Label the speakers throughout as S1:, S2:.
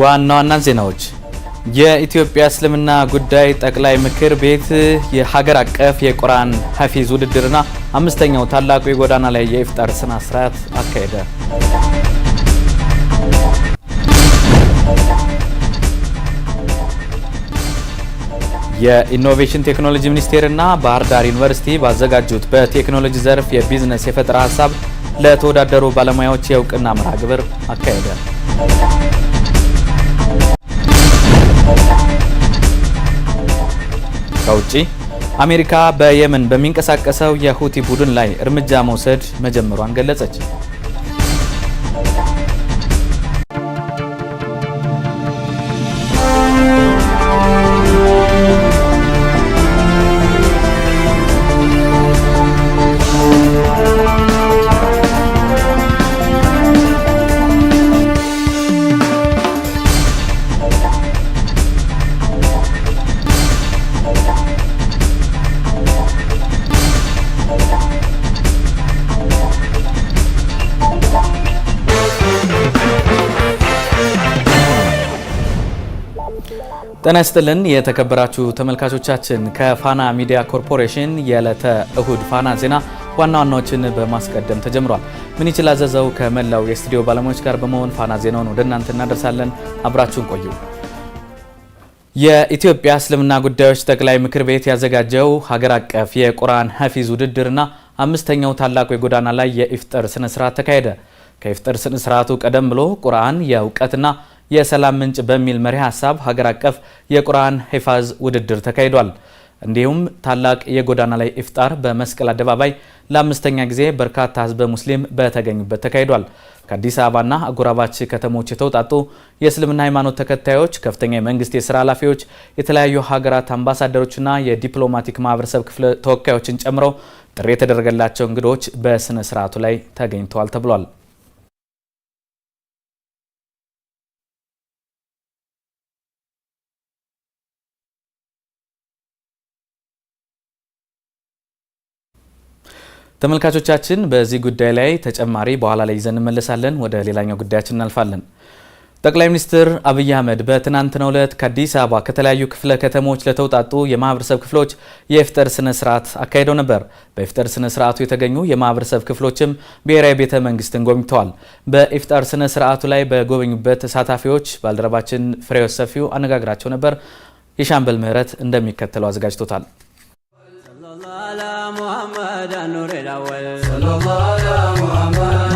S1: ዋና ዋና ዜናዎች የኢትዮጵያ እስልምና ጉዳይ ጠቅላይ ምክር ቤት የሀገር አቀፍ የቁርአን ሀፊዝ ውድድርና አምስተኛው ታላቁ የጎዳና ላይ የኢፍጣር ስነ ስርዓት አካሄደ። የኢኖቬሽን ቴክኖሎጂ ሚኒስቴርና ባህር ዳር ዩኒቨርሲቲ ባዘጋጁት በቴክኖሎጂ ዘርፍ የቢዝነስ የፈጠራ ሀሳብ ለተወዳደሩ ባለሙያዎች የእውቅና መርሃ ግብር አካሄደ። ውጪ አሜሪካ በየመን በሚንቀሳቀሰው የሁቲ ቡድን ላይ እርምጃ መውሰድ መጀመሯን ገለጸች። ጤና ይስጥልን የተከበራችሁ ተመልካቾቻችን፣ ከፋና ሚዲያ ኮርፖሬሽን የዕለተ እሁድ ፋና ዜና ዋና ዋናዎችን በማስቀደም ተጀምሯል። ምን ይችል አዘዘው ከመላው የስቱዲዮ ባለሙያዎች ጋር በመሆን ፋና ዜናውን ወደ እናንተ እናደርሳለን። አብራችሁን ቆዩ። የኢትዮጵያ እስልምና ጉዳዮች ጠቅላይ ምክር ቤት ያዘጋጀው ሀገር አቀፍ የቁርአን ሐፊዝ ውድድርና አምስተኛው ታላቁ የጎዳና ላይ የኢፍጠር ስነስርዓት ተካሄደ። ከኢፍጠር ስነስርዓቱ ቀደም ብሎ ቁርአን የእውቀትና የሰላም ምንጭ በሚል መሪ ሀሳብ ሀገር አቀፍ የቁርአን ሂፋዝ ውድድር ተካሂዷል። እንዲሁም ታላቅ የጎዳና ላይ ኢፍጣር በመስቀል አደባባይ ለአምስተኛ ጊዜ በርካታ ህዝበ ሙስሊም በተገኙበት ተካሂዷል። ከአዲስ አበባና አጎራባች ከተሞች የተውጣጡ የእስልምና ሃይማኖት ተከታዮች፣ ከፍተኛ የመንግስት የስራ ኃላፊዎች፣ የተለያዩ ሀገራት አምባሳደሮችና የዲፕሎማቲክ ማህበረሰብ ክፍለ ተወካዮችን ጨምሮ ጥሪ የተደረገላቸው እንግዶች በስነ ስርዓቱ ላይ ተገኝተዋል ተብሏል። ተመልካቾቻችን በዚህ ጉዳይ ላይ ተጨማሪ በኋላ ላይ ይዘን እንመለሳለን። ወደ ሌላኛው ጉዳያችን እናልፋለን። ጠቅላይ ሚኒስትር አብይ አህመድ በትናንትናው ዕለት ከአዲስ አበባ ከተለያዩ ክፍለ ከተሞች ለተውጣጡ የማህበረሰብ ክፍሎች የኢፍጠር ስነ ስርዓት አካሂደው ነበር። በኢፍጠር ስነ ስርዓቱ የተገኙ የማህበረሰብ ክፍሎችም ብሔራዊ ቤተ መንግስትን ጎብኝተዋል። በኢፍጠር ስነ ስርዓቱ ላይ በጎበኙበት ተሳታፊዎች ባልደረባችን ፍሬ ሰፊው አነጋግራቸው ነበር። የሻምበል ምህረት እንደሚከተለው አዘጋጅቶታል። صلى على محمد نور الأول صلى الله على محمد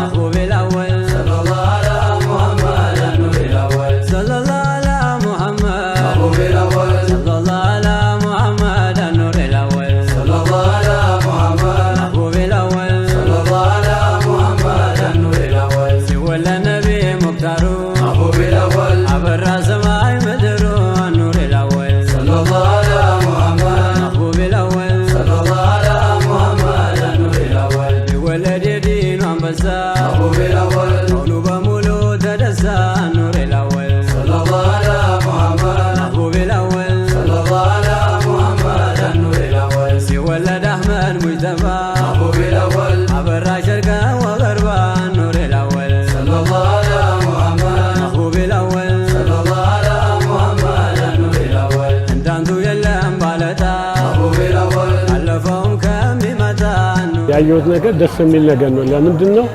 S2: ደስ የሚል ነገር ነው። ለምንድን ነው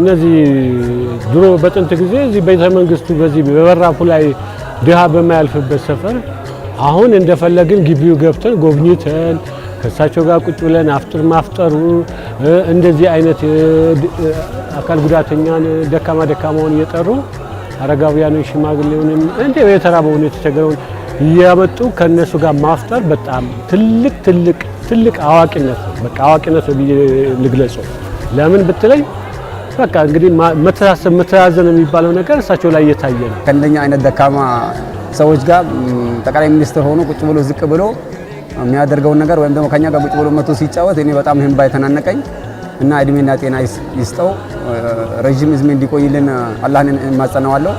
S2: እነዚህ ድሮ በጥንት ጊዜ እዚህ ቤተ መንግስቱ በዚህ በበራፉ ላይ ድሃ በማያልፍበት ሰፈር አሁን እንደፈለግን ግቢው ገብተን ጎብኝተን ከእሳቸው ጋር ቁጭ ብለን አፍጥር ማፍጠሩ እንደዚህ አይነት አካል ጉዳተኛን ደካማ ደካማውን እየጠሩ አረጋውያንን፣ ሽማግሌውንም እንደ የተራበውን የተቸገረውን እያመጡ ከእነሱ ጋር ማፍጠር በጣም ትልቅ ትልቅ ትልቅ አዋቂነት ነው። በቃ አዋቂነት ልግለጸው። ለምን ብትለኝ በቃ እንግዲህ መተሳሰብ መተዛዘን የሚባለው ነገር እሳቸው ላይ እየታየ ነው።
S3: ከእንደኛ አይነት ደካማ ሰዎች ጋር ጠቅላይ ሚኒስትር ሆኖ ቁጭ ብሎ ዝቅ ብሎ የሚያደርገውን ነገር ወይም ደግሞ ከኛ ጋር ቁጭ ብሎ መቶ ሲጫወት እኔ በጣም ህንባ የተናነቀኝ እና እድሜና ጤና ይስጠው፣ ረዥም እድሜ እንዲቆይልን አላህን እማጸነዋለሁ።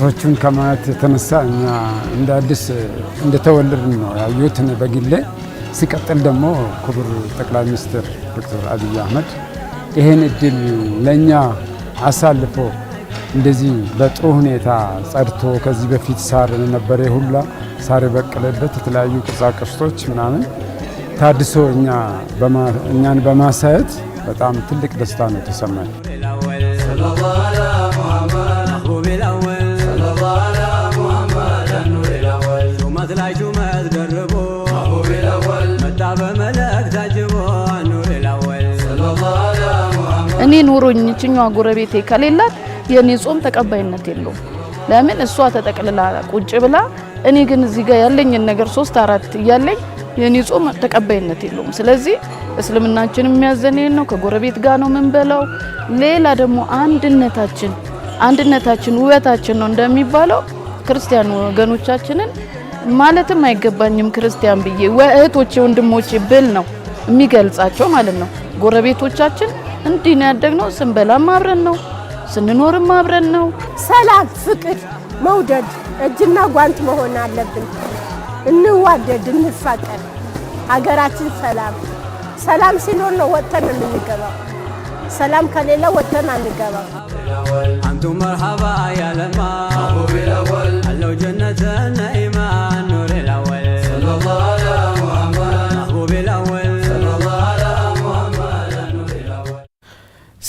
S2: ሰዎቹን ከማየት የተነሳ እኛ እንደ አዲስ እንደተወለድን ነው ያዩትን በግሌ። ሲቀጥል ደግሞ ክቡር ጠቅላይ ሚኒስትር ዶክተር አብይ አህመድ ይህን እድል ለእኛ አሳልፎ እንደዚህ በጥሩ ሁኔታ ጸድቶ ከዚህ በፊት ሳር ነበረ ሁላ ሳር የበቀለበት የተለያዩ ቅርሶች ምናምን ታድሶ እኛን በማሳየት በጣም ትልቅ ደስታ ነው ተሰማኝ።
S4: እኔ ኖሮኝ እችኛዋ ጎረቤቴ ከሌላት የእኔ ጾም ተቀባይነት የለውም። ለምን እሷ ተጠቅልላ ቁጭ ብላ፣ እኔ ግን እዚህ ጋር ያለኝን ነገር ሶስት አራት እያለኝ የእኔ ጾም ተቀባይነት የለውም። ስለዚህ እስልምናችን የሚያዘን ነው። ከጎረቤት ጋር ነው የምንበላው። ሌላ ደግሞ አንድነታችን አንድነታችን ውበታችን ነው እንደሚባለው ክርስቲያን ወገኖቻችንን ማለትም አይገባኝም ክርስቲያን ብዬ እህቶቼ ወንድሞቼ ብል ነው የሚገልጻቸው ማለት ነው። ጎረቤቶቻችን እንዲህ ነው ያደግነው። ስንበላም አብረን ነው፣ ስንኖርም አብረን ነው።
S5: ሰላም፣ ፍቅር፣ መውደድ እጅና ጓንት መሆን አለብን። እንዋደድ፣ እንፋቀር። ሀገራችን ሰላም ሰላም ሲኖር ነው ወጥተን የምንገባው። ሰላም ከሌለ ወጥተን አንገባው። አንቱ መርሃባ ያለማ አለው ጀነተ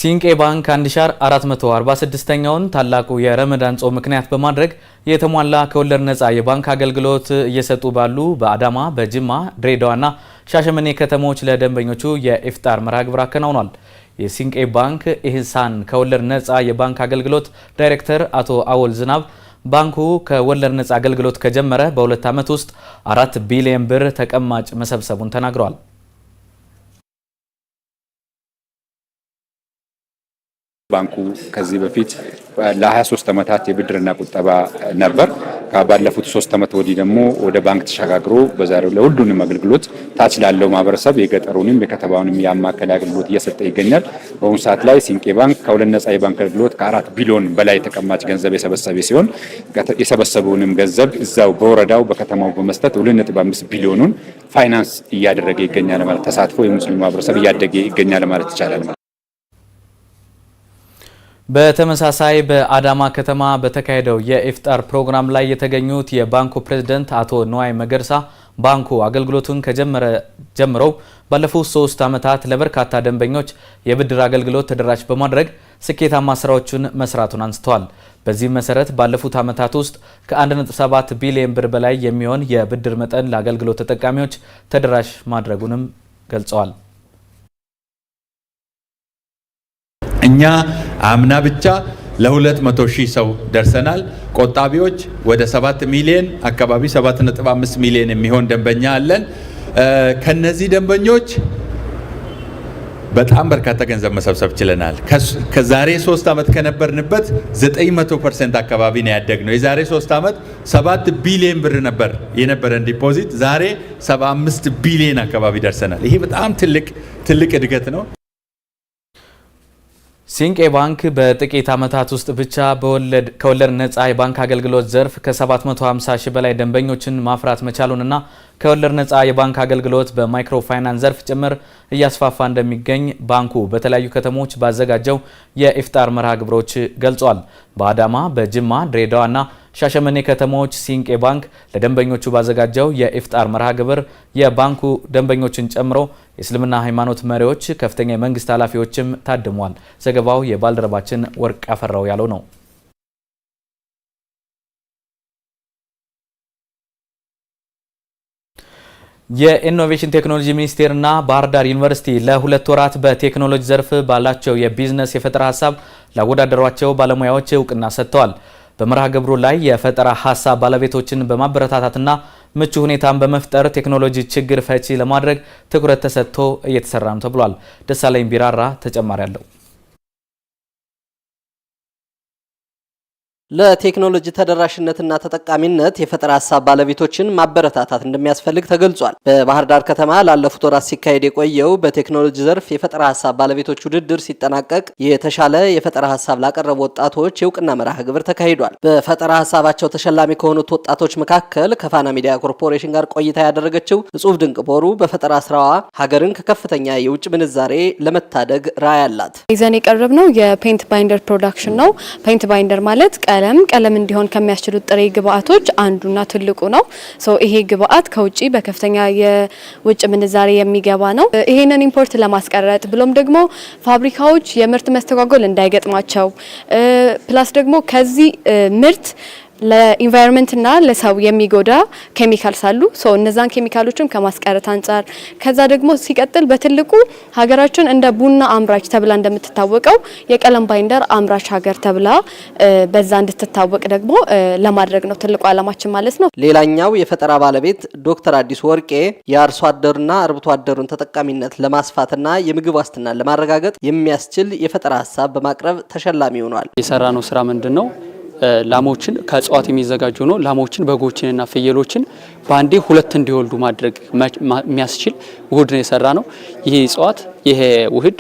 S1: ሲንቄ ባንክ ሻር 446 ኛውን ታላቁ የረመዳን ጾም ምክንያት በማድረግ የተሟላ ከወለድ ነፃ የባንክ አገልግሎት እየሰጡ ባሉ በአዳማ፣ በጅማ፣ ድሬዳዋና ሻሸመኔ ከተሞች ለደንበኞቹ የኢፍጣር መርሃ ግብር አከናውኗል። የሲንቄ ባንክ ኢህሳን ከወለድ ነፃ የባንክ አገልግሎት ዳይሬክተር አቶ አወል ዝናብ ባንኩ ከወለድ ነፃ አገልግሎት ከጀመረ በሁለት ዓመት ውስጥ አራት ቢሊዮን ብር ተቀማጭ መሰብሰቡን ተናግረዋል።
S6: ባንኩ ከዚህ በፊት ለ23 ዓመታት የብድርና ቁጠባ ነበር። ባለፉት ሶስት ዓመት ወዲህ ደግሞ ወደ ባንክ ተሸጋግሮ በዛሬው ለሁሉንም አገልግሎት ታች ላለው ማህበረሰብ የገጠሩንም የከተማውንም ያማከለ አገልግሎት እየሰጠ ይገኛል። በአሁኑ ሰዓት ላይ ሲንቄ ባንክ ከሁለት ነጻ የባንክ አገልግሎት ከአራት ቢሊዮን በላይ ተቀማጭ ገንዘብ የሰበሰበ ሲሆን የሰበሰበውንም ገንዘብ እዛው በወረዳው በከተማው በመስጠት ሁለት 2.5 ቢሊዮኑን ፋይናንስ እያደረገ ይገኛል ማለት ተሳትፎ የሙስሊም ማህበረሰብ እያደገ ይገኛል ማለት ይቻላል።
S1: በተመሳሳይ በአዳማ ከተማ በተካሄደው የኢፍጣር ፕሮግራም ላይ የተገኙት የባንኩ ፕሬዝደንት አቶ ነዋይ መገርሳ ባንኩ አገልግሎቱን ከጀመረ ጀምረው ባለፉት ሶስት ዓመታት ለበርካታ ደንበኞች የብድር አገልግሎት ተደራሽ በማድረግ ስኬታማ ስራዎችን መስራቱን አንስተዋል። በዚህም መሰረት ባለፉት ዓመታት ውስጥ ከ1.7 ቢሊዮን ብር በላይ የሚሆን የብድር መጠን ለአገልግሎት ተጠቃሚዎች ተደራሽ ማድረጉንም ገልጸዋል።
S7: እኛ አምና ብቻ ለ200 ሺህ ሰው ደርሰናል። ቆጣቢዎች ወደ 7 ሚሊዮን አካባቢ 7.5 ሚሊዮን የሚሆን ደንበኛ አለን። ከነዚህ ደንበኞች በጣም በርካታ ገንዘብ መሰብሰብ ችለናል። ከዛሬ ሶስት ዓመት ከነበርንበት 900 ፐርሰንት አካባቢ ነው ያደግነው። የዛሬ ሶስት ዓመት 7 ቢሊዮን ብር ነበር የነበረን ዲፖዚት፣ ዛሬ 75 ቢሊዮን አካባቢ ደርሰናል። ይሄ በጣም ትልቅ ትልቅ እድገት ነው።
S1: ሲንቄ ባንክ በጥቂት ዓመታት ውስጥ ብቻ ከወለድ ነጻ የባንክ አገልግሎት ዘርፍ ከ750 ሺህ በላይ ደንበኞችን ማፍራት መቻሉንና ከወለድ ነጻ የባንክ አገልግሎት በማይክሮ ፋይናንስ ዘርፍ ጭምር እያስፋፋ እንደሚገኝ ባንኩ በተለያዩ ከተሞች ባዘጋጀው የኢፍጣር መርሃ ግብሮች ገልጿል። በአዳማ፣ በጅማ፣ ድሬዳዋና ሻሸመኔ ከተሞች ሲንቄ ባንክ ለደንበኞቹ ባዘጋጀው የኢፍጣር መርሃ ግብር የባንኩ ደንበኞችን ጨምሮ የእስልምና ሃይማኖት መሪዎች፣ ከፍተኛ የመንግስት ኃላፊዎችም ታድሟል። ዘገባው የባልደረባችን ወርቅ ያፈራው ያለው ነው። የኢኖቬሽን ቴክኖሎጂ ሚኒስቴርና ባህር ዳር ዩኒቨርሲቲ ለሁለት ወራት በቴክኖሎጂ ዘርፍ ባላቸው የቢዝነስ የፈጠራ ሀሳብ ላወዳደሯቸው ባለሙያዎች እውቅና ሰጥተዋል። በመርሃ ግብሩ ላይ የፈጠራ ሀሳብ ባለቤቶችን በማበረታታትና ምቹ ሁኔታን በመፍጠር ቴክኖሎጂ ችግር ፈቺ ለማድረግ ትኩረት ተሰጥቶ እየተሰራ ነው ተብሏል። ደሳለኝ ቢራራ ተጨማሪ አለው። ለቴክኖሎጂ ተደራሽነትና ተጠቃሚነት የፈጠራ ሀሳብ ባለቤቶችን ማበረታታት እንደሚያስፈልግ ተገልጿል። በባህር ዳር ከተማ ላለፉት ወራት ሲካሄድ የቆየው በቴክኖሎጂ ዘርፍ የፈጠራ ሀሳብ ባለቤቶች ውድድር ሲጠናቀቅ የተሻለ የፈጠራ ሀሳብ ላቀረቡ ወጣቶች የእውቅና መርሃ ግብር ተካሂዷል። በፈጠራ ሀሳባቸው ተሸላሚ ከሆኑት ወጣቶች መካከል ከፋና ሚዲያ ኮርፖሬሽን ጋር ቆይታ ያደረገችው እጹብ ድንቅ ቦሩ በፈጠራ ስራዋ ሀገርን ከከፍተኛ የውጭ ምንዛሬ ለመታደግ ራዕይ አላት።
S8: ይዘን የቀረብ ነው የፔንት ባይንደር ፕሮዳክሽን ነው። ፔንት ባይንደር ማለት ቀለም ቀለም እንዲሆን ከሚያስችሉት ጥሬ ግብአቶች አንዱና ትልቁ ነው። ይሄ ግብአት ከውጭ በከፍተኛ የውጭ ምንዛሬ የሚገባ ነው። ይሄንን ኢምፖርት ለማስቀረጥ ብሎም ደግሞ ፋብሪካዎች የምርት መስተጓጎል እንዳይገጥማቸው ፕላስ ደግሞ ከዚህ ምርት ለኢንቫይሮንመንትና ለሰው የሚጎዳ ኬሚካልስ አሉ። እነዛን ኬሚካሎችም ከማስቀረት አንጻር ከዛ ደግሞ ሲቀጥል በትልቁ ሀገራችን እንደ ቡና አምራች ተብላ እንደምትታወቀው የቀለም ባይንደር አምራች ሀገር ተብላ በዛ እንድትታወቅ ደግሞ ለማድረግ ነው ትልቁ ዓላማችን ማለት ነው።
S1: ሌላኛው የፈጠራ ባለቤት ዶክተር አዲስ ወርቄ የአርሶ አደርና አርብቶ አደሩን ተጠቃሚነት ለማስፋትና የምግብ ዋስትና ለማረጋገጥ የሚያስችል የፈጠራ ሀሳብ በማቅረብ ተሸላሚ ሆኗል።
S9: የሰራ ነው ስራ ምንድን ነው? ላሞችን ከእጽዋት የሚዘጋጁ ነው። ላሞችን በጎችንና ፍየሎችን በአንዴ ሁለት እንዲወልዱ ማድረግ የሚያስችል ውህድ ነው የሰራ ነው። ይህ እጽዋት ይሄ ውህድ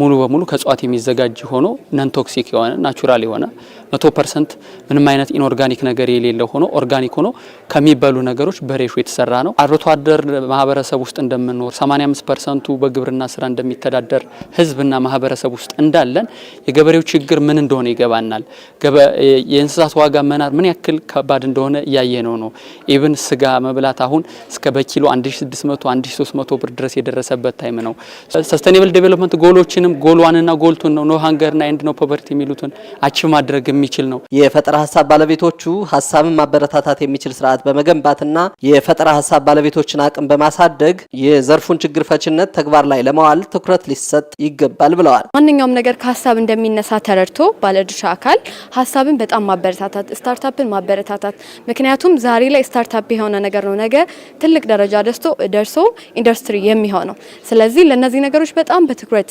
S9: ሙሉ በሙሉ ከእጽዋት የሚዘጋጅ ሆኖ ነንቶክሲክ የሆነ ናቹራል የሆነ መቶ ፐርሰንት ምንም አይነት ኢንኦርጋኒክ ነገር የሌለው ሆኖ ኦርጋኒክ ሆኖ ከሚበሉ ነገሮች በሬሾ የተሰራ ነው። አርብቶ አደር ማህበረሰብ ውስጥ እንደምንኖር 85 ፐርሰንቱ በግብርና ስራ እንደሚተዳደር ህዝብና ማህበረሰብ ውስጥ እንዳለን የገበሬው ችግር ምን እንደሆነ ይገባናል። የእንስሳት ዋጋ መናር ምን ያክል ከባድ እንደሆነ እያየ ነው ነው ኢብን ስጋ መብላት አሁን እስከ በኪሎ 1600 1300 ብር ድረስ የደረሰበት ታይም ነው። ሰስተኔብል ዴቨሎፕመንት ጎሎችንም ጎል ዋንና ጎል ቱን ነው ኖ ሃንገርና ኤንድ ኖ ፖቨርቲ የሚሉትን አቺቭ ማድረግ የሚ የሚችል ነው።
S1: የፈጠራ ሀሳብ ባለቤቶቹ ሀሳብን ማበረታታት የሚችል ስርዓት በመገንባትና የፈጠራ ሀሳብ ባለቤቶችን አቅም በማሳደግ የዘርፉን ችግር ፈችነት ተግባር ላይ ለማዋል ትኩረት ሊሰጥ ይገባል ብለዋል።
S8: ማንኛውም ነገር ከሀሳብ እንደሚነሳ ተረድቶ ባለድርሻ አካል ሀሳብን በጣም ማበረታታት፣ ስታርታፕን ማበረታታት ምክንያቱም ዛሬ ላይ ስታርታፕ የሆነ ነገር ነው ነገ ትልቅ ደረጃ ደስቶ ደርሶ ኢንዱስትሪ የሚሆነው። ስለዚህ ለእነዚህ ነገሮች በጣም በትኩረት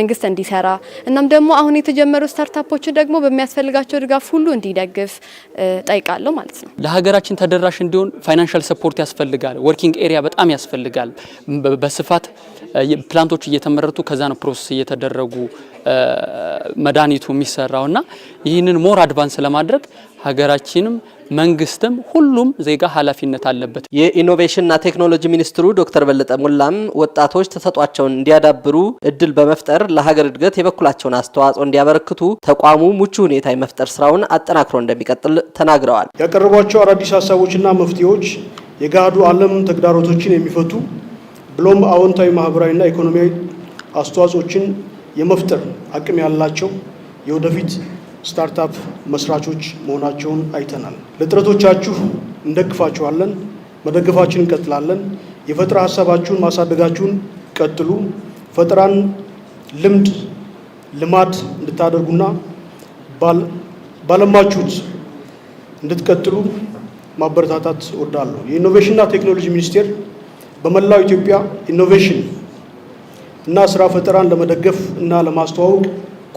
S8: መንግስት እንዲሰራ እናም ደግሞ አሁን የተጀመሩ ስታርታፖችን ደግሞ በሚያስፈ ለሚያስፈልጋቸው ድጋፍ ሁሉ እንዲደግፍ ጠይቃለሁ ማለት ነው።
S1: ለሀገራችን ተደራሽ እንዲሆን ፋይናንሻል ሰፖርት ያስፈልጋል። ወርኪንግ ኤሪያ በጣም ያስፈልጋል። በስፋት ፕላንቶች እየተመረቱ ከዛ ነው ፕሮሰስ እየተደረጉ መድኃኒቱ የሚሰራው እና ይህንን ሞር አድቫንስ ለማድረግ ሀገራችንም መንግስትም ሁሉም ዜጋ ኃላፊነት አለበት። የኢኖቬሽንና ቴክኖሎጂ ሚኒስትሩ ዶክተር በለጠ ሞላም ወጣቶች ተሰጧቸውን እንዲያዳብሩ እድል በመፍጠር ለሀገር እድገት የበኩላቸውን አስተዋጽኦ እንዲያበረክቱ ተቋሙ ምቹ ሁኔታ የመፍጠር ስራውን አጠናክሮ እንደሚቀጥል ተናግረዋል።
S10: ያቀረቧቸው አዳዲስ ሀሳቦችና መፍትሄዎች የጋዱ ዓለም ተግዳሮቶችን የሚፈቱ ብሎም አዎንታዊ ማህበራዊና ኢኮኖሚያዊ አስተዋጽኦችን የመፍጠር አቅም ያላቸው የወደፊት ስታርታፕ መስራቾች መሆናቸውን አይተናል። ለጥረቶቻችሁ እንደግፋችኋለን፣ መደገፋችን እንቀጥላለን። የፈጠራ ሀሳባችሁን ማሳደጋችሁን ቀጥሉ። ፈጠራን ልምድ፣ ልማድ እንድታደርጉና ባለማችሁት እንድትቀጥሉ ማበረታታት እወዳለሁ። የኢኖቬሽንና ቴክኖሎጂ ሚኒስቴር በመላው ኢትዮጵያ ኢኖቬሽን እና ስራ ፈጠራን ለመደገፍ እና ለማስተዋወቅ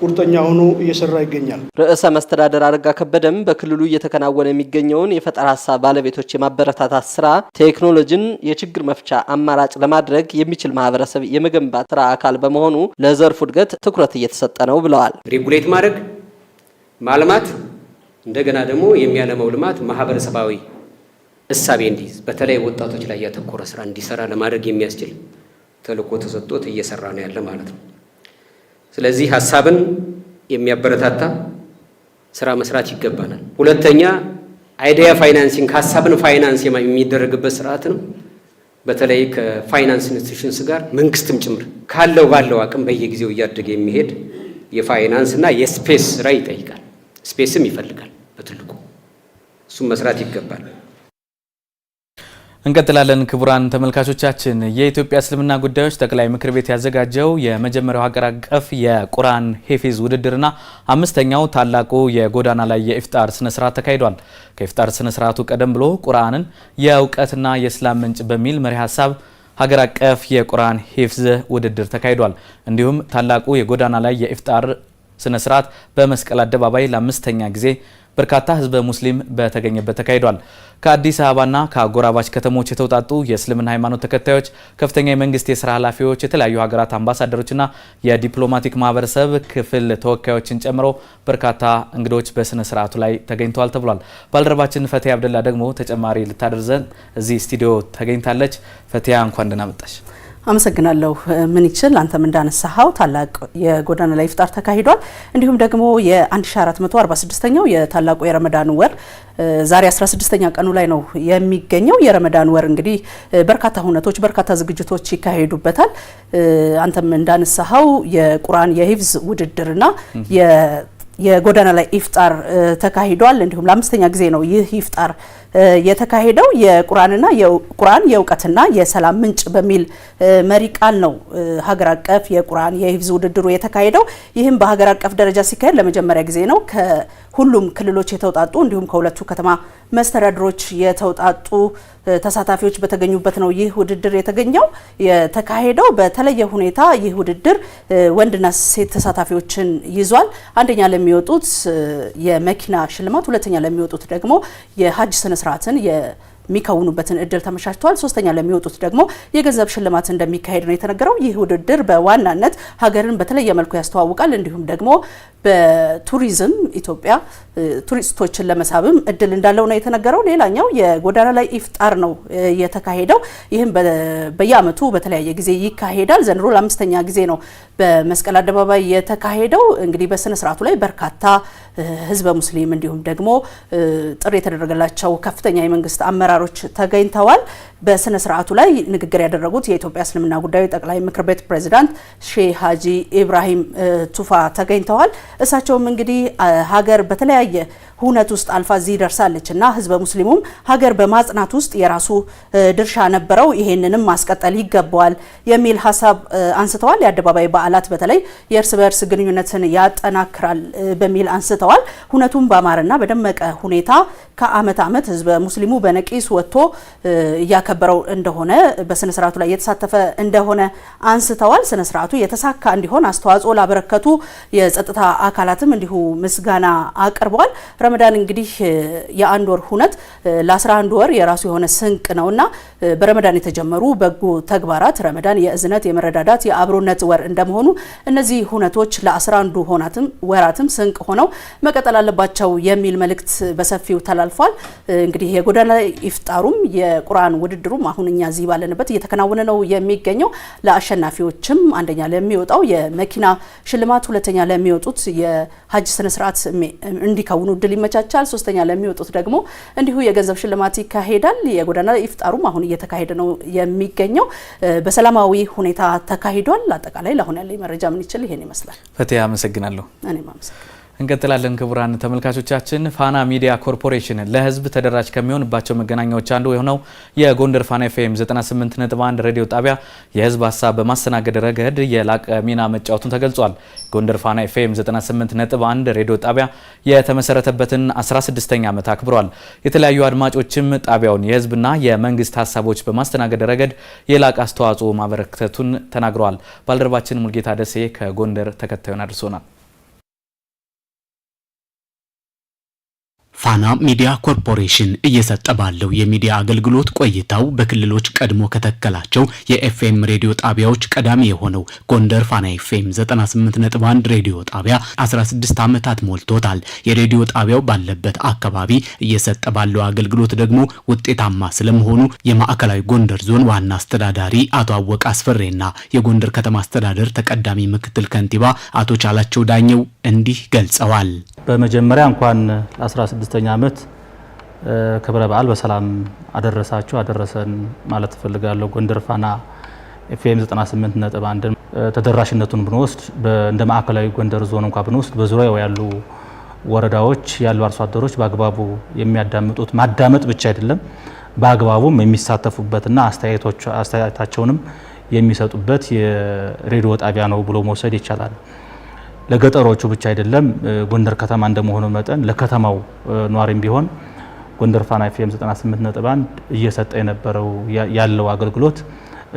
S10: ቁርጠኛ ሆኖ እየሰራ ይገኛል።
S1: ርዕሰ መስተዳደር አረጋ ከበደም በክልሉ እየተከናወነ የሚገኘውን የፈጠራ ሀሳብ ባለቤቶች የማበረታታት ስራ ቴክኖሎጂን የችግር መፍቻ አማራጭ ለማድረግ የሚችል ማህበረሰብ የመገንባት ስራ አካል በመሆኑ ለዘርፉ እድገት ትኩረት እየተሰጠ ነው ብለዋል።
S11: ሬጉሌት ማድረግ ማልማት፣ እንደገና ደግሞ የሚያለመው ልማት ማህበረሰባዊ እሳቤ እንዲይዝ በተለይ ወጣቶች ላይ ያተኮረ ስራ እንዲሰራ ለማድረግ የሚያስችል ተልዕኮ ተሰጥቶት እየሰራ ነው ያለ ማለት ነው። ስለዚህ ሀሳብን የሚያበረታታ ስራ መስራት ይገባናል። ሁለተኛ አይዲያ ፋይናንሲንግ ሀሳብን ፋይናንስ የሚደረግበት ስርዓት ነው። በተለይ ከፋይናንስ ኢንስቲትዩሽንስ ጋር መንግስትም ጭምር ካለው ባለው አቅም በየጊዜው እያደገ የሚሄድ የፋይናንስ እና የስፔስ ስራ ይጠይቃል። ስፔስም ይፈልጋል በትልቁ እሱም መስራት ይገባል።
S1: እንቀጥላለን ክቡራን ተመልካቾቻችን። የኢትዮጵያ እስልምና ጉዳዮች ጠቅላይ ምክር ቤት ያዘጋጀው የመጀመሪያው ሀገር አቀፍ የቁርአን ሂፍዝ ውድድርና አምስተኛው ታላቁ የጎዳና ላይ የኢፍጣር ስነስርዓት ተካሂዷል። ከኢፍጣር ስነስርዓቱ ቀደም ብሎ ቁርአንን የእውቀትና የእስላም ምንጭ በሚል መሪ ሀሳብ ሀገር አቀፍ የቁርአን ሄፍዝ ውድድር ተካሂዷል። እንዲሁም ታላቁ የጎዳና ላይ የኢፍጣር ስነ ስርዓት በመስቀል አደባባይ ለአምስተኛ ጊዜ በርካታ ህዝበ ሙስሊም በተገኘበት ተካሂዷል። ከአዲስ አበባና ከአጎራባች ከተሞች የተውጣጡ የእስልምና ሃይማኖት ተከታዮች፣ ከፍተኛ የመንግስት የስራ ኃላፊዎች፣ የተለያዩ ሀገራት አምባሳደሮችና የዲፕሎማቲክ ማህበረሰብ ክፍል ተወካዮችን ጨምሮ በርካታ እንግዶች በስነ ስርዓቱ ላይ ተገኝተዋል ተብሏል። ባልደረባችን ፈትያ አብደላ ደግሞ ተጨማሪ ልታደርዘን እዚህ ስቱዲዮ ተገኝታለች። ፈትያ እንኳን ደህና መጣሽ።
S12: አመሰግናለሁ ምን ይችል አንተም እንዳነሳኸው ታላቅ የጎዳና ላይ ፍጣር ተካሂዷል። እንዲሁም ደግሞ የ1446ኛው የታላቁ የረመዳን ወር ዛሬ 16ኛ ቀኑ ላይ ነው የሚገኘው። የረመዳን ወር እንግዲህ በርካታ ሁነቶች፣ በርካታ ዝግጅቶች ይካሄዱበታል። አንተም እንዳነሳኸው የቁርአን የሂፍዝ ውድድርና የጎዳና ላይ ኢፍጣር ተካሂዷል። እንዲሁም ለአምስተኛ ጊዜ ነው ይህ ኢፍጣር የተካሄደው። የቁርአንና የቁርአን የእውቀትና የሰላም ምንጭ በሚል መሪ ቃል ነው ሀገር አቀፍ የቁርአን የሂፍዝ ውድድሩ የተካሄደው። ይህም በሀገር አቀፍ ደረጃ ሲካሄድ ለመጀመሪያ ጊዜ ነው። ሁሉም ክልሎች የተውጣጡ እንዲሁም ከሁለቱ ከተማ መስተዳድሮች የተውጣጡ ተሳታፊዎች በተገኙበት ነው ይህ ውድድር የተገኘው የተካሄደው። በተለየ ሁኔታ ይህ ውድድር ወንድና ሴት ተሳታፊዎችን ይዟል። አንደኛ ለሚወጡት የመኪና ሽልማት፣ ሁለተኛ ለሚወጡት ደግሞ የሀጅ ስነስርዓትን የሚከውኑበትን እድል ተመቻችተዋል። ሶስተኛ ለሚወጡት ደግሞ የገንዘብ ሽልማት እንደሚካሄድ ነው የተነገረው። ይህ ውድድር በዋናነት ሀገርን በተለየ መልኩ ያስተዋውቃል፣ እንዲሁም ደግሞ በቱሪዝም ኢትዮጵያ ቱሪስቶችን ለመሳብም እድል እንዳለው ነው የተነገረው። ሌላኛው የጎዳና ላይ ኢፍጣር ነው የተካሄደው። ይህም በየአመቱ በተለያየ ጊዜ ይካሄዳል። ዘንድሮ ለአምስተኛ ጊዜ ነው በመስቀል አደባባይ የተካሄደው። እንግዲህ በስነ ስርዓቱ ላይ በርካታ ህዝበ ሙስሊም እንዲሁም ደግሞ ጥሪ የተደረገላቸው ከፍተኛ የመንግስት አመራሮች ተገኝተዋል። በስነ ስርዓቱ ላይ ንግግር ያደረጉት የኢትዮጵያ እስልምና ጉዳዮች ጠቅላይ ምክር ቤት ፕሬዚዳንት ሼህ ሀጂ ኢብራሂም ቱፋ ተገኝተዋል። እሳቸውም እንግዲህ ሀገር በተለያየ ሁነት ውስጥ አልፋ እዚህ ደርሳለች እና ህዝበ ሙስሊሙም ሀገር በማጽናት ውስጥ የራሱ ድርሻ ነበረው፣ ይሄንንም ማስቀጠል ይገባዋል የሚል ሀሳብ አንስተዋል። የአደባባይ በዓላት በተለይ የእርስ በእርስ ግንኙነትን ያጠናክራል በሚል አንስተዋል። ሁነቱም በአማረና በደመቀ ሁኔታ ከአመት አመት ህዝበ ሙስሊሙ በነቂስ ወጥቶ እያከ እያከበረው እንደሆነ በስነ ስርዓቱ ላይ እየተሳተፈ እንደሆነ አንስተዋል። ስነ ስርዓቱ የተሳካ እንዲሆን አስተዋጽኦ ላበረከቱ የጸጥታ አካላትም እንዲሁ ምስጋና አቅርበዋል። ረመዳን እንግዲህ የአንድ ወር ሁነት ለ11 ወር የራሱ የሆነ ስንቅ ነውና በረመዳን የተጀመሩ በጎ ተግባራት ረመዳን የእዝነት፣ የመረዳዳት፣ የአብሮነት ወር እንደመሆኑ እነዚህ ሁነቶች ለ11 ሆናትም ወራትም ስንቅ ሆነው መቀጠል አለባቸው የሚል መልእክት በሰፊው ተላልፏል። እንግዲህ የጎዳና ኢፍጣሩም የቁርአን ውድድር ውድድሩም አሁን እኛ እዚህ ባለንበት እየተከናወነ ነው የሚገኘው። ለአሸናፊዎችም አንደኛ ለሚወጣው የመኪና ሽልማት፣ ሁለተኛ ለሚወጡት የሀጅ ስነስርዓት እንዲከውኑ እድል ይመቻቻል። ሶስተኛ ለሚወጡት ደግሞ እንዲሁ የገንዘብ ሽልማት ይካሄዳል። የጎዳና ኢፍጣሩም አሁን እየተካሄደ ነው የሚገኘው። በሰላማዊ ሁኔታ ተካሂዷል። አጠቃላይ ለአሁን ያለ መረጃ ምን ይችል ይሄን ይመስላል።
S1: ፈቴ አመሰግናለሁ። እኔም አመሰግናለሁ። እንቀጥላለን ክቡራን ተመልካቾቻችን። ፋና ሚዲያ ኮርፖሬሽን ለሕዝብ ተደራሽ ከሚሆንባቸው መገናኛዎች አንዱ የሆነው የጎንደር ፋና ኤፍኤም 98.1 ሬዲዮ ጣቢያ የሕዝብ ሀሳብ በማስተናገድ ረገድ የላቀ ሚና መጫወቱን ተገልጿል። ጎንደር ፋና ኤፍኤም 98.1 ሬዲዮ ጣቢያ የተመሰረተበትን 16ኛ ዓመት አክብሯል። የተለያዩ አድማጮችም ጣቢያውን የሕዝብና የመንግስት ሀሳቦች በማስተናገድ ረገድ የላቀ አስተዋጽኦ ማበረከቱን ተናግረዋል። ባልደረባችን ሙልጌታ ደሴ ከጎንደር ተከታዩን አድርሶናል።
S13: ፋና ሚዲያ ኮርፖሬሽን እየሰጠ ባለው የሚዲያ አገልግሎት ቆይታው በክልሎች ቀድሞ ከተከላቸው የኤፍኤም ሬዲዮ ጣቢያዎች ቀዳሚ የሆነው ጎንደር ፋና ኤፍኤም 98.1 ሬዲዮ ጣቢያ 16 ዓመታት ሞልቶታል። የሬዲዮ ጣቢያው ባለበት አካባቢ እየሰጠ ባለው አገልግሎት ደግሞ ውጤታማ ስለመሆኑ የማዕከላዊ ጎንደር ዞን ዋና አስተዳዳሪ አቶ አወቅ አስፈሬና የጎንደር ከተማ አስተዳደር ተቀዳሚ ምክትል ከንቲባ አቶ ቻላቸው ዳኘው እንዲህ ገልጸዋል።
S14: በመጀመሪያ እንኳን ለ16ኛ ዓመት ክብረ በዓል በሰላም አደረሳችሁ አደረሰን ማለት እፈልጋለሁ። ጎንደር ፋና ኤፍኤም 98 ነጥብ አንድ ተደራሽነቱን ብንወስድ እንደ ማዕከላዊ ጎንደር ዞን እንኳ ብንወስድ በዙሪያው ያሉ ወረዳዎች ያሉ አርሶ አደሮች በአግባቡ የሚያዳምጡት ማዳመጥ ብቻ አይደለም፣ በአግባቡም የሚሳተፉበትና አስተያየታቸውንም የሚሰጡበት የሬዲዮ ጣቢያ ነው ብሎ መውሰድ ይቻላል። ለገጠሮቹ ብቻ አይደለም፣ ጎንደር ከተማ እንደመሆኑ መጠን ለከተማው ኗሪም ቢሆን ጎንደር ፋና ኤፍ ኤም 98.1 እየሰጠ የነበረው ያለው አገልግሎት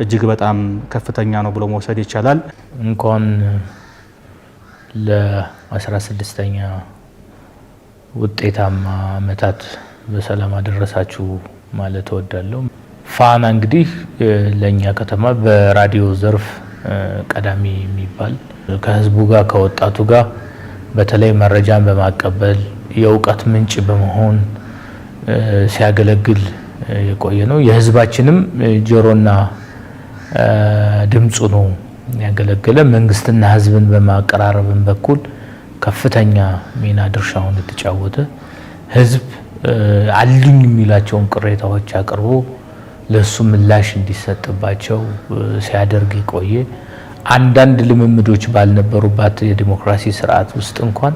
S14: እጅግ በጣም ከፍተኛ ነው ብሎ መውሰድ ይቻላል።
S15: እንኳን ለ16ኛ ውጤታማ ዓመታት በሰላም አደረሳችሁ ማለት እወዳለሁ። ፋና እንግዲህ ለእኛ ከተማ በራዲዮ ዘርፍ ቀዳሚ የሚባል ከህዝቡ ጋር ከወጣቱ ጋር በተለይ መረጃን በማቀበል የእውቀት ምንጭ በመሆን ሲያገለግል የቆየ ነው። የህዝባችንም ጆሮና ድምፁ ነው ያገለገለ። መንግስትና ህዝብን በማቀራረብን በኩል ከፍተኛ ሚና ድርሻውን የተጫወተ ህዝብ አሉኝ የሚላቸውን ቅሬታዎች አቅርቦ ለእሱ ምላሽ እንዲሰጥባቸው ሲያደርግ የቆየ አንዳንድ ልምምዶች ባልነበሩባት የዲሞክራሲ ስርዓት ውስጥ እንኳን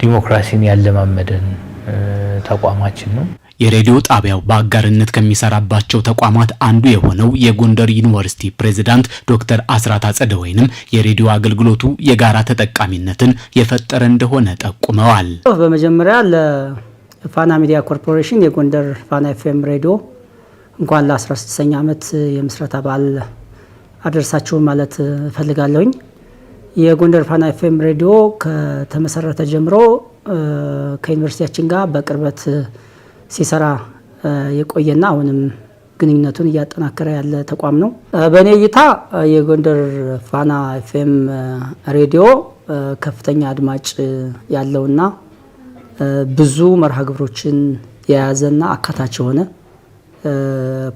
S15: ዲሞክራሲን ያለማመደን ተቋማችን ነው።
S13: የሬዲዮ ጣቢያው በአጋርነት ከሚሰራባቸው ተቋማት አንዱ የሆነው የጎንደር ዩኒቨርሲቲ ፕሬዝዳንት ዶክተር አስራት አጸደ ወይንም የሬዲዮ አገልግሎቱ የጋራ ተጠቃሚነትን የፈጠረ እንደሆነ ጠቁመዋል።
S16: በመጀመሪያ ለፋና ሚዲያ ኮርፖሬሽን የጎንደር ፋና ኤፍኤም ሬዲዮ እንኳን ለ16ኛ ዓመት የምስረታ በዓል አደርሳችሁ ማለት እፈልጋለሁኝ። የጎንደር ፋና ኤፍኤም ሬዲዮ ከተመሰረተ ጀምሮ ከዩኒቨርሲቲያችን ጋር በቅርበት ሲሰራ የቆየና አሁንም ግንኙነቱን እያጠናከረ ያለ ተቋም ነው። በእኔ እይታ የጎንደር ፋና ኤፍኤም ሬዲዮ ከፍተኛ አድማጭ ያለውና ብዙ መርሃ ግብሮችን የያዘና አካታች የሆነ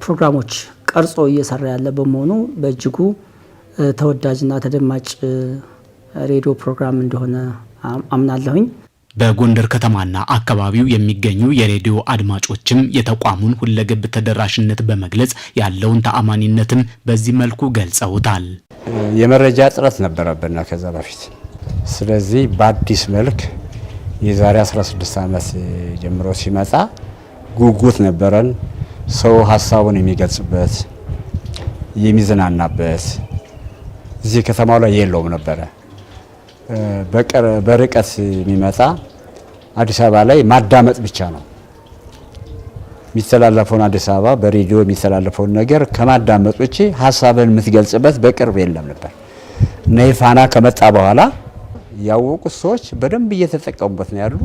S16: ፕሮግራሞች ቀርጾ እየሰራ ያለ በመሆኑ በእጅጉ ተወዳጅና ተደማጭ ሬዲዮ ፕሮግራም እንደሆነ አምናለሁኝ።
S13: በጎንደር ከተማና አካባቢው የሚገኙ የሬዲዮ አድማጮችም የተቋሙን ሁለገብ ተደራሽነት በመግለጽ ያለውን ተአማኒነትም በዚህ መልኩ ገልጸውታል።
S17: የመረጃ እጥረት ነበረብና ከዛ በፊት ስለዚህ በአዲስ መልክ የዛሬ 16 ዓመት ጀምሮ ሲመጣ ጉጉት ነበረን። ሰው ሀሳቡን የሚገልጽበት የሚዝናናበት እዚህ ከተማው ላይ የለውም ነበረ። በርቀት የሚመጣ አዲስ አበባ ላይ ማዳመጥ ብቻ ነው የሚተላለፈውን አዲስ አበባ በሬዲዮ የሚተላለፈውን ነገር ከማዳመጥ ውጭ ሀሳብን የምትገልጽበት በቅርብ የለም ነበር እና ከመጣ በኋላ ያወቁት ሰዎች በደንብ እየተጠቀሙበት ነው ያሉ።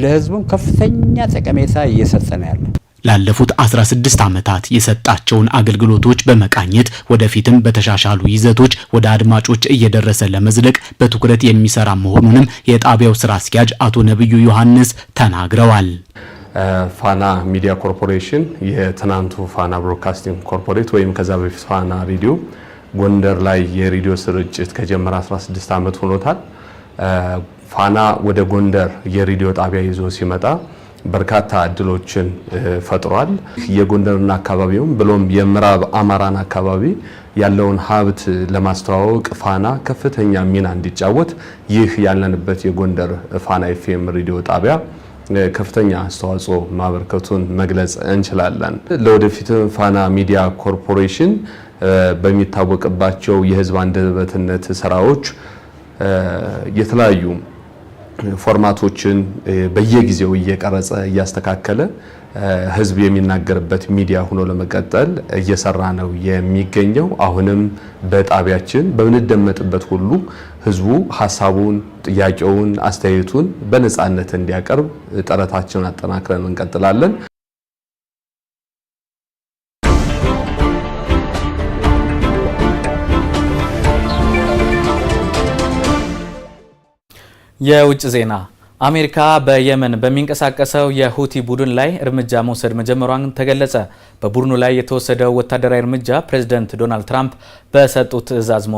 S17: ለሕዝቡም ከፍተኛ ጠቀሜታ እየሰጠ ነው ያለ።
S13: ላለፉት 16 ዓመታት የሰጣቸውን አገልግሎቶች በመቃኘት ወደፊትም በተሻሻሉ ይዘቶች ወደ አድማጮች እየደረሰ ለመዝለቅ በትኩረት የሚሰራ መሆኑንም የጣቢያው ስራ አስኪያጅ አቶ ነብዩ ዮሐንስ ተናግረዋል።
S18: ፋና ሚዲያ ኮርፖሬሽን የትናንቱ ፋና ብሮድካስቲንግ ኮርፖሬት ወይም ከዛ በፊት ፋና ሬዲዮ ጎንደር ላይ የሬዲዮ ስርጭት ከጀመረ 16 ዓመት ሆኖታል። ፋና ወደ ጎንደር የሬዲዮ ጣቢያ ይዞ ሲመጣ በርካታ እድሎችን ፈጥሯል። የጎንደርና አካባቢውም ብሎም የምዕራብ አማራን አካባቢ ያለውን ሀብት ለማስተዋወቅ ፋና ከፍተኛ ሚና እንዲጫወት ይህ ያለንበት የጎንደር ፋና ኤፍኤም ሬዲዮ ጣቢያ ከፍተኛ አስተዋጽኦ ማበርከቱን መግለጽ እንችላለን። ለወደፊት ፋና ሚዲያ ኮርፖሬሽን በሚታወቅባቸው የህዝብ አንደበትነት ስራዎች የተለያዩ ፎርማቶችን በየጊዜው እየቀረጸ እያስተካከለ ህዝብ የሚናገርበት ሚዲያ ሆኖ ለመቀጠል እየሰራ ነው የሚገኘው። አሁንም በጣቢያችን በምንደመጥበት ሁሉ ህዝቡ ሀሳቡን፣ ጥያቄውን፣ አስተያየቱን በነፃነት እንዲያቀርብ ጥረታችንን አጠናክረን እንቀጥላለን።
S1: የውጭ ዜና አሜሪካ በየመን በሚንቀሳቀሰው የሁቲ ቡድን ላይ እርምጃ መውሰድ መጀመሯን ተገለጸ። በቡድኑ ላይ የተወሰደው ወታደራዊ እርምጃ ፕሬዚደንት ዶናልድ ትራምፕ በሰጡት ትዕዛዝ መሆኑ